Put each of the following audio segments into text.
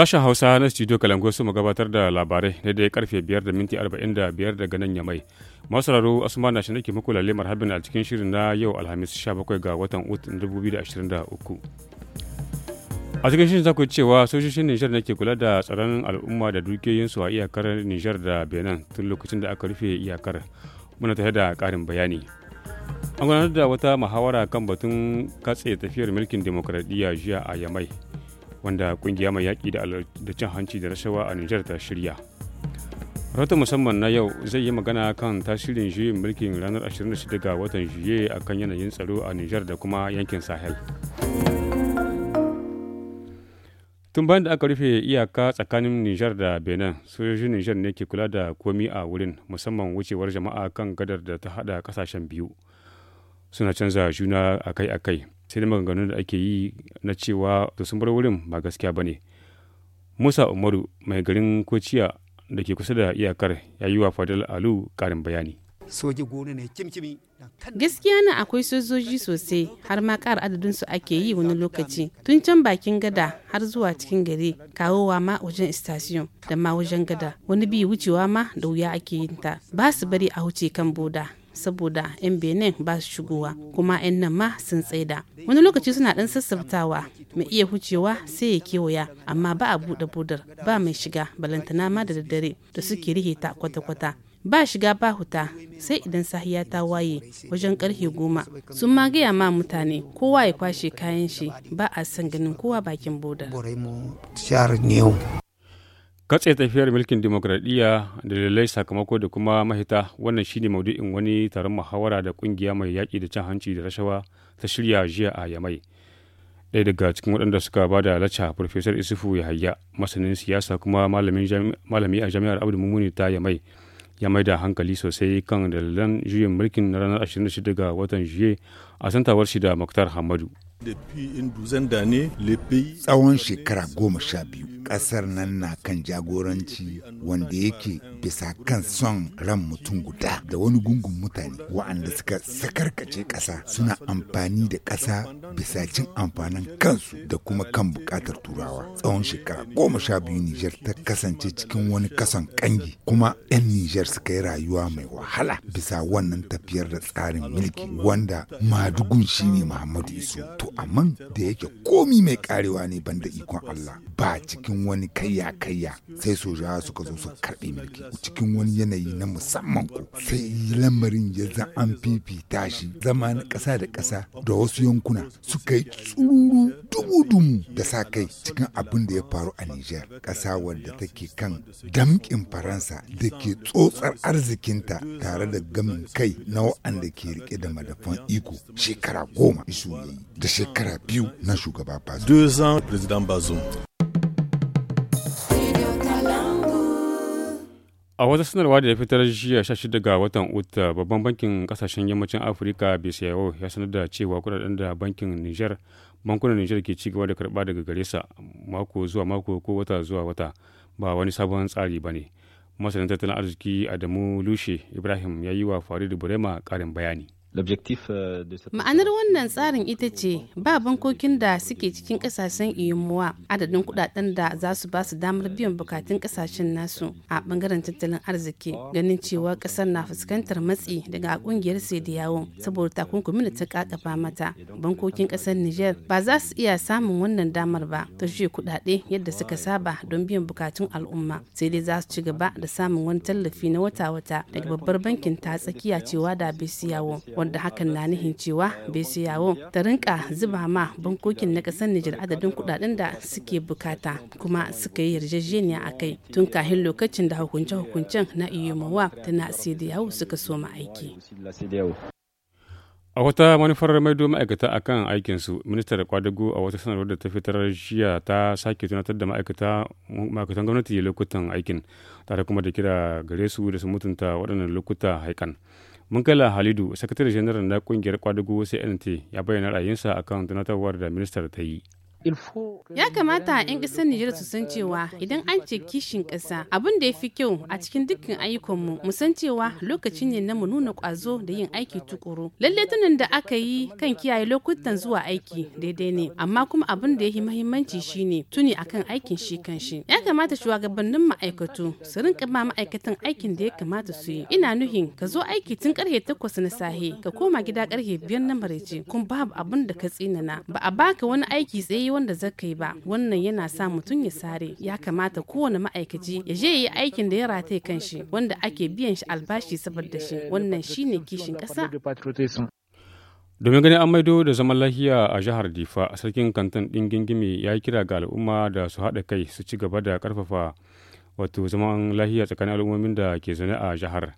Sashen Hausa na Studio Kalango su mu gabatar da labarai dai karfe 5 da minti 45 daga nan yamai. Masararu Asuma na shi muku lalle marhabin a cikin shirin na yau Alhamis 17 ga watan Ut 2023. A cikin shirin za cewa sojojin Nijar na ke kula da tsaron al'umma da su a iyakar Nijar da Benin tun lokacin da aka rufe iyakar. Muna tare da karin bayani. An gudanar da wata muhawara kan batun katse tafiyar mulkin demokradiyya jiya a Yamai. wanda kungiya mai yaƙi da cin hanci da rashawa a Nijar ta shirya. Rahoton musamman na yau zai yi magana kan tasirin juyin mulkin ranar 26 ga watan juye a kan yanayin tsaro a Nijar da kuma yankin Sahel. Tun bayan da aka rufe iyaka tsakanin Nijar da Benin, sojojin Nijar ne ke kula da komi a wurin musamman wucewar jama'a kan gadar da ta haɗa kasashen biyu. Suna canza juna akai-akai. sai da maganganun da ake yi na cewa da sun bar wurin ba gaskiya ba ne musa umaru mai garin kociya da ke kusa da iyakar ya yi wa fadal alu karin bayani soji gona ne kimkimi gaskiya na akwai sojoji sosai har ma ƙara adadin su ake yi wani lokaci tun can bakin gada har zuwa cikin gari kawowa ma wajen istasiyon da ma wajen gada wani bi wucewa ma da wuya ake yin ta ba su bari a wuce kan boda saboda 'yan benin ba su shigowa kuma 'yan nan ma sun tsaida wani lokaci suna dan sassautawa mai iya hucewa sai ya kewaya amma ba a buɗe budar ba mai shiga balantana ma da daddare da suke rihe ta kwata-kwata ba shiga ba huta sai idan sahiya ta waye wajen karfe goma sun ma gaya ma mutane kowa ya kwashe kayan shi ba a son ganin kowa bakin budar. katse tafiyar mulkin demokradiyya dalilai sakamako da kuma mahita wannan shine maudu'in wani taron muhawara da kungiya mai yaƙi da cin hanci da rashawa ta shirya jiya a yamai ɗaya daga cikin waɗanda suka ba da lacca farfesar isufu yahaya masanin siyasa kuma malami a jami'ar abdu mumuni ta yamai ya mai da hankali sosai kan dalilan juyin mulkin na ranar 26 ga watan juye a santawar shi da muktar hamadu tsawon shekara goma sha biyu kasar nan na kan jagoranci wanda yake bisa kan son ran mutum guda da wani gungun mutane waɗanda suka sakarkace ƙasa suna amfani da ƙasa bisa cin amfanin kansu da kuma kan buƙatar turawa tsawon shekara goma sha biyu Nijar ta kasance cikin wani kasan kangi kuma 'yan Nijar suka yi rayuwa mai wahala bisa wannan tafiyar da tsarin mulki wanda madugun shine Muhammadu Isu to amman da yake komi mai karewa ne banda ikon Allah ba cikin wani kayya kayya sai sojawa suka zo su karbi mulki cikin wani yanayi na musamman ko sai lamarin ya za an fifita shi zama na ƙasa da ƙasa da wasu yankuna suka yi tsururu dubu-dubu da sa kai cikin abin da ya faru a Nijar ƙasa wanda take kan damƙin Faransa da ke tsotsar arzikinta tare da gamin kai na wa'anda ke rike da madafan iko shekara goma isu da shekara biyu na shugaba Bazoum. a wata sanarwa da ya fitar jiya 16 ga watan uta babban bankin kasashen yammacin afirka bcao ya sanar da cewa kudaden da bankin niger bankunan niger ke cigaba da karba daga gare sa mako zuwa mako ko wata zuwa wata ba wani sabon tsari ba ne masanin tattalin arziki adamu lushe ibrahim ya yi wa faridu burema karin bayani Euh, Ma'anar wannan tsarin ita ce ba bankokin da suke cikin kasashen iyamuwa adadin kudaden da za su ba su damar biyan bukatun kasashen nasu a bangaren tattalin arziki ganin cewa kasar na fuskantar matsi daga kungiyar yawo saboda takunkumin da ta kakafa mata bankokin kasar Niger ba za su iya samun wannan damar ba ta shi kudade yadda suka saba don biyan bukatun al'umma sai dai za su ci gaba da samun wani tallafi na wata-wata daga babbar bankin ta tsakiya cewa da yawo wanda hakan na nihin cewa yawo ta rinka zuba ma bankokin na kasar nijar adadin kudaden da suke bukata kuma suka yi yarjejeniya a kai tun kahin lokacin da hukunce-hukuncen na iyomowa ta na yawo suka soma aiki a wata manufar maido ma'aikata a kan aikinsu ministar kwadago a wata sanarwar da ta fitar jiya ta sake tunatar da ma'aikatan gwamnati lokutan aikin tare kuma da kira gare su da su mutunta waɗannan lokuta haikan Mungala Halidu, sakatare janar na kungiyar kwadugo CNT ya bayyana ra'ayinsa akan tunatarwar da ministar ta yi. Ya kamata 'yan ƙasar Nijar su san cewa idan an ce kishin ƙasa abin da ya fi kyau a cikin dukkan ayyukanmu mu san cewa lokacin ne na mu nuna ƙwazo da yin aiki tuƙuru. Lallai tunan da aka yi kan kiyaye lokutan zuwa aiki daidai ne amma kuma abin da ya yi mahimmanci shine tuni akan aikin shi kan shi. Ya kamata shugabannin ma'aikatu su rinka ma ma'aikatan aikin da ya kamata su yi. Ina nuhin ka zo aiki tun ƙarfe takwas na sahe ka koma gida ƙarfe biyar na maraice kuma babu abin da ka tsinana ba a baka wani aiki tsaye wanda zaka yi ba wannan yana sa mutum ya sare ya kamata kowane ma'aikaci ya je yi aikin da ya rataye kanshi wanda ake biyan shi albashi saboda shi wannan shine kishin kasa domin ganin an maido da zaman lafiya a jihar difa sarkin kantin ɗin gingimi ya kira ga al'umma da su haɗa kai su ci gaba da karfafa wato zaman lafiya tsakanin al'ummomin da ke zaune a jihar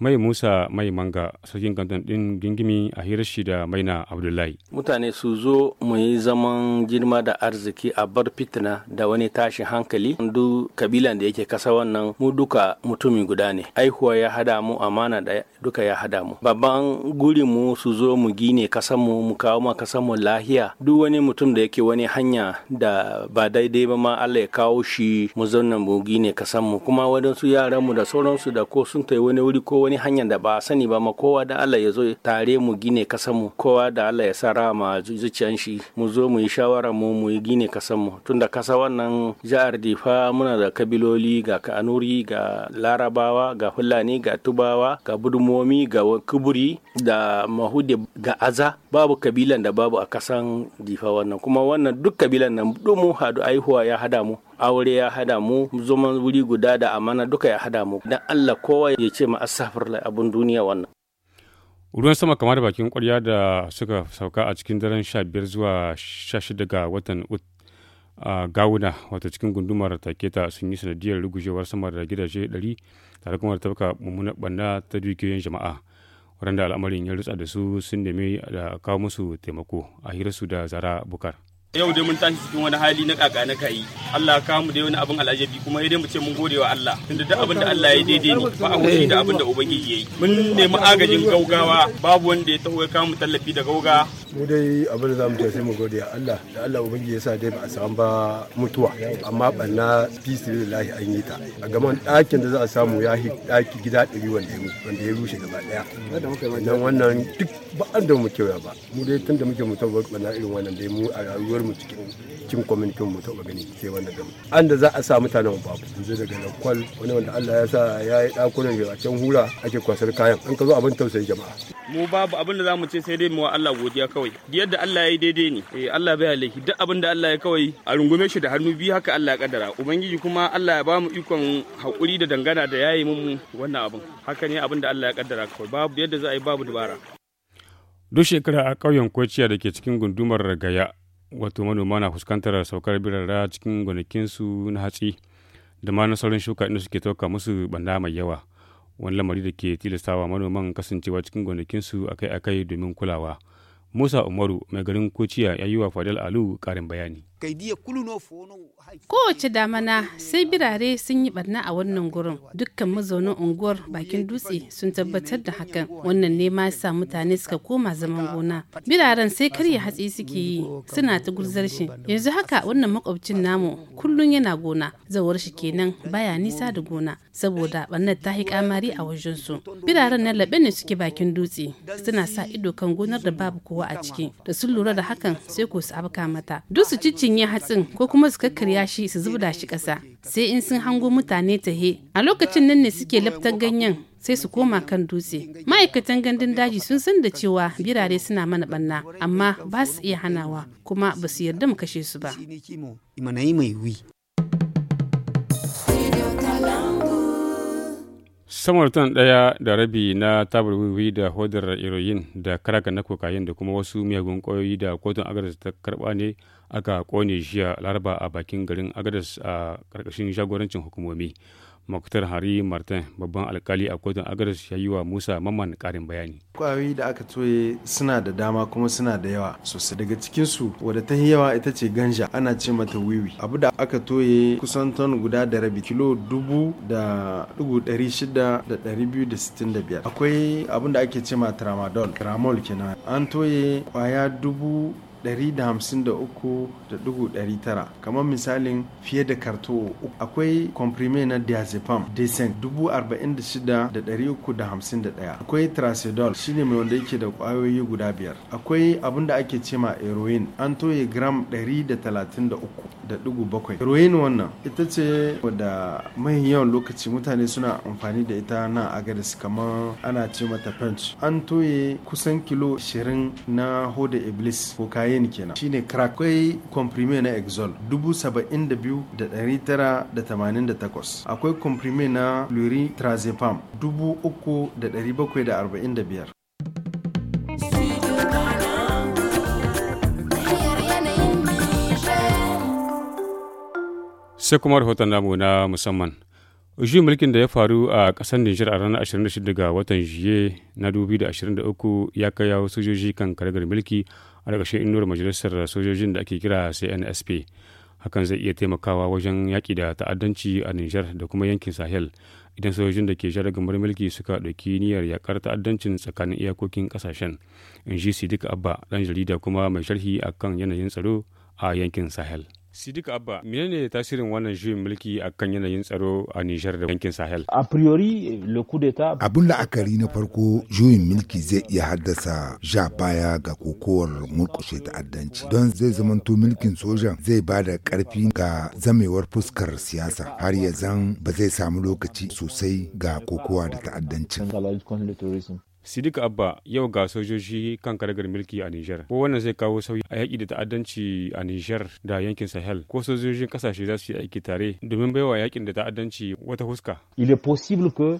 mai musa mai manga sarkin kantan din gingimi a hirar shi da maina abdullahi mutane su zo mu yi zaman girma da arziki a bar fitina da wani tashin hankali duk kabilan da yake kasa wannan mu duka mutumi guda ne aihuwa ya hada mu amana da duka ya hada mu babban guri mu su zo mu gine kasan mu mu kawo ma kasan mu lahiya duk wani mutum da yake wani hanya da ba daidai ba ma Allah ya kawo shi mu zauna mu gine kasan mu kuma wadansu yaran mu da sauransu da ko sun tai wani wuri ko wani hanyar da ba sani ba ma kowa da Allah ya zo tare mu gine kasan kowa da Allah ya sa rama zuciyan shi mu zo mu yi shawara mu mu yi gine kasan mu tunda kasa wannan jihar Difa muna da kabiloli ga Kanuri ga Larabawa ga Fulani ga Tubawa ga Budumomi ga Kuburi da Mahude ga Aza babu kabilan da babu a kasan Difa wannan kuma wannan duk kabilan nan duk mu hadu aihuwa ya hada mu aure ya hada mu zaman wuri guda da amana duka ya hada mu dan Allah kowa ya ce ma astaghfirullah abun duniya wannan ruwan sama kamar bakin kwarya da suka sauka a cikin daren 15 zuwa 16 ga watan ut a gawuna wata cikin gundumar taketa sun yi sanadiyar rugujewar sama da gidaje 100 tare kuma da tafka mummunar banna ta dukiyoyin jama'a waɗanda al'amarin ya rutsa da su sun nemi da kawo musu taimako a hirarsu da zara bukar yau dai mun tashi cikin wani hali na kaka na kayi Allah ka mu dai wani abin alajabi kuma dai mu ce mun gode wa Allah tunda duk abin da Allah ya daidai ne ba a wuce da abin da ubangiji yayi mun nemi agajin gaugawa babu wanda ya taho ya kawo mu tallafi da gauga mu dai abin da zamu tashi mu gode wa Allah da Allah ubangiji ya sa dai ba a samu ba mutuwa amma banna fi sabilillahi an yi ta a gaman ɗakin da za a samu ya hi ɗaki gida ɗari wanda ya wanda ya rushe gaba daya dan wannan duk ba an da mu kewa ba mu dai tunda muke mutuwa ba irin wannan dai mu a rayuwar mu cikin cikin kwamitin mu ta gani sai wannan gami an da za a sa mutanen babu yanzu daga nan kwal wani wanda Allah ya sa ya yi dakunan a can hura ake kwasar kayan an ka zo abin tausayi jama'a mu babu abin da zamu ce sai dai mu wa Allah godiya kawai yadda Allah ya yi daidai ne eh Allah bai laifi duk abin da Allah ya kawai a rungume shi da hannu biyu haka Allah ya kaddara ubangiji kuma Allah ya bamu ikon hakuri da dangana da yayi mu wannan abin haka ne abin da Allah ya kaddara kawai babu yadda za a yi babu dubara duk shekara a ƙauyen kwaciya da ke cikin gundumar gaya wato manoma na fuskantar saukar birara cikin gonakinsu na hatsi da ma na sauran shuka inda suke tauka musu banda mai yawa wani lamari da ke tilastawa manoman kasancewa cikin gonakinsu akai-akai domin kulawa musa umaru mai garin kociya ya yi wa fadal alu karin bayani Kowace damana sai birare sun yi barna a wannan gurin. Dukkan mazaunin unguwar bakin dutse sun tabbatar da hakan. Wannan ne ma sa mutane suka koma zaman gona. Biraren sai karya hatsi suke yi suna ta gurzar shi. Yanzu haka wannan makwabcin namu kullum yana gona. Zawar shi kenan baya nisa da gona saboda barnar ta yi kamari a wajen su. Biraren na labe ne suke bakin dutse suna sa ido kan gonar da babu kowa a ciki. Da sun lura da hakan sai ko su abka mata. Duk su cinye hatsin ko kuma su kakkarya shi su zubda shi kasa sai in sun hango mutane tahe a lokacin nan ne suke laftar ganyen sai su koma kan dutse ma'aikatan gandun daji sun san da cewa birare suna mana banna amma ba su iya hanawa kuma ba su yarda mu kashe su ba samar tan daya da rabi na tabar wiwi da hodar iroyin da karaka na kokayen da kuma wasu miyagun kwayoyi da kotun agar ta karba ne aka kone jiya laraba a bakin garin agadas a karkashin jagorancin hukumomi Muktar Hari Martin babban alkali a kotun Agadas ya yi wa Musa mamman karin bayani. Kwayoyi da aka toye suna da dama kuma suna da yawa sosai daga cikinsu wadda ta yawa ita ce ganja ana ce mata wiwi. Abu da aka toye kusan ton guda da rabi kilo dubu da dubu dari shida da dari biyu da sittin da biyar. Akwai abin da ake ce ma tramadol, tramol kenan. An toye kwaya dubu 153.900 kamar misalin fiye da karto akwai komprime na diazepam descent 46,351 akwai tramadol shine mai wanda yake da kwayoyi guda biyar akwai abin da ake cema heroin an toye gram 133.7 heroin wannan ita ce wadda mai yawan lokaci mutane suna amfani da ita na agadis kamar ana ce mata punch an toye kusan kilo 20 na hoda iblis ko kayan yin kenan shine crack akwai comprime na exol 72,988 akwai comprime na luritrazepam 3,745 sai kuma rahoton namu na musamman Juyin mulkin da ya faru a ƙasar Nijar a ranar 26 ga watan Juye na 2023 ya kai sojoji kan karagar mulki a ƙarshen inuwar majalisar sojojin da ake kira CNSP. Hakan zai iya taimakawa wajen yaƙi da ta'addanci a Nijar da kuma yankin Sahel idan sojojin da ke jaragamar mulki suka ɗauki niyyar yaƙar ta'addancin tsakanin iyakokin ƙasashen. In ji Sidika Abba, ɗan jarida kuma mai sharhi akan yanayin tsaro a yankin Sahel. Sidik Abba, menene tasirin wannan juyin mulki kan yanayin tsaro a Nijar da yankin Sahel? A priori, le coup d'etat Abun la'akari na farko juyin mulki zai iya haddasa ja baya ga kokowar murkushe ta'addanci. Don zai zamanto mulkin sojan zai ba da ƙarfi ga zamewar fuskar siyasa har ya zan ba zai samu lokaci sosai ga kokowa da ta'addancin. Sidik Abba yau ga sojoji kan karagar milki a Nijar. Ko wannan zai kawo sauyi a yaƙi da ta'addanci a Nijar da yankin Sahel. Ko sojojin kasashe za su yi aiki tare domin baiwa yaƙin da ta'addanci wata huska.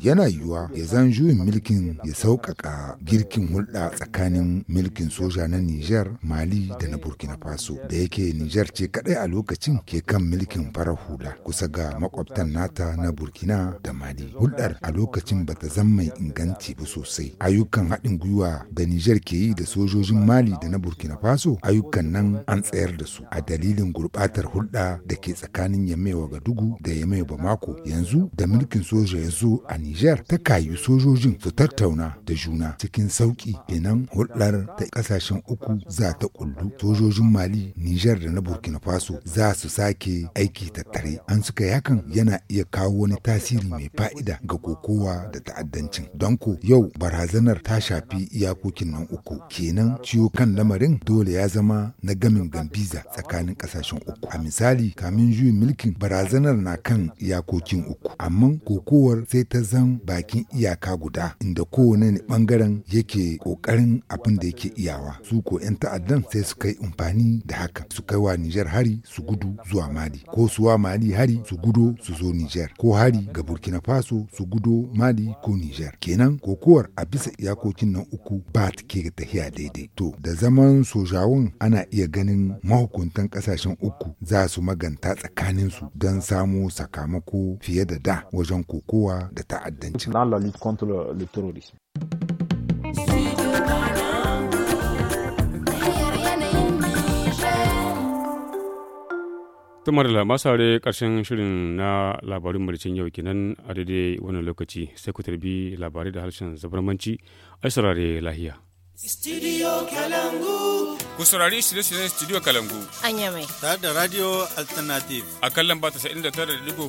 Yana yiwuwa ya zan juyin mulkin ya sauƙaƙa girkin hulɗa tsakanin mulkin soja na Nijar, Mali da na Burkina Faso. Da yake Nijar ce kaɗai a lokacin ke kan mulkin farar hula kusa ga makwabtan nata na Burkina da Mali. Hulɗar a lokacin bata zama mai inganci ba sosai. ayyukan haɗin gwiwa da Nijar ke yi da sojojin Mali da na Burkina Faso ayyukan nan an tsayar da su a dalilin gurɓatar hulɗa da ke tsakanin ga Wagadugu da Yame Bamako yanzu da mulkin soja ya zo a Nijar ta kayu sojojin su tattauna da juna cikin sauƙi kenan hulɗar ta ƙasashen uku za ta kullu sojojin Mali Nijar da na Burkina Faso za su sake aiki tattare an suka yakan yana iya kawo wani tasiri mai fa'ida ga kokowa da ta'addancin don ko yau barazan barazanar ta shafi iyakokin nan uku kenan ciwo kan lamarin dole ya zama na gamin gambiza tsakanin kasashen uku a misali kamin juyin mulkin barazanar na kan iyakokin uku amma kokowar sai ta zan bakin iyaka guda inda kowane ne bangaren yake kokarin abin da yake iyawa su ko 'yan ta'addan sai su kai amfani da haka su kai wa Nijar hari su gudu zuwa Mali ko su wa Mali hari su gudu su zo Nijar ko hari ga Burkina Faso su gudu Mali ko Nijar kenan kokowar a bisa bisa iyakokin nan uku ba ta ke tafiya daidai. To, da zaman sojawun ana iya ganin mahukuntan kasashen uku za su maganta tsakaninsu don samu sakamako fiye da da wajen kokowa da ta'addanci. Tumar da masare karshen shirin na labarin mulcin yau kenan a daidai wannan lokaci sai ku tarbi labarai da harshen zabarmanci a saurare lahiya. Studio Kalangu. Ku saurari shirye-shiryen Studio Kalangu. Anya mai. Tare da Radio Alternative. A kan lamba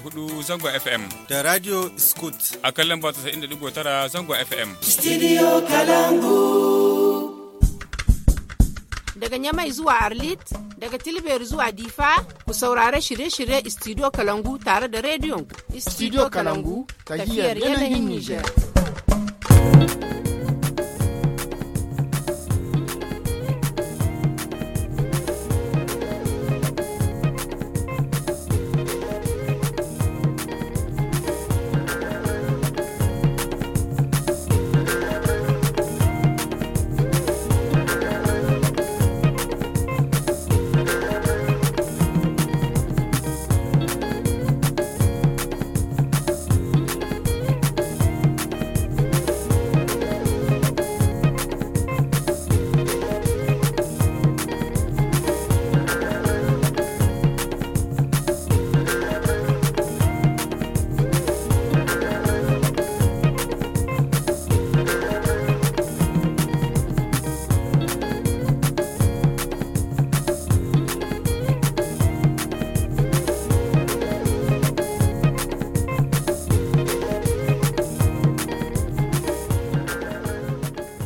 hudu zangon FM. Da Radio Scoot. A kan lamba tara zangon FM. Studio Kalangu. daga Nyamai zuwa Arlit, daga Tilber zuwa Difa, ku saurare shirye-shirye Studio Kalangu tare da rediyon Studio Kalangu, tahiyar yanayin Nijar.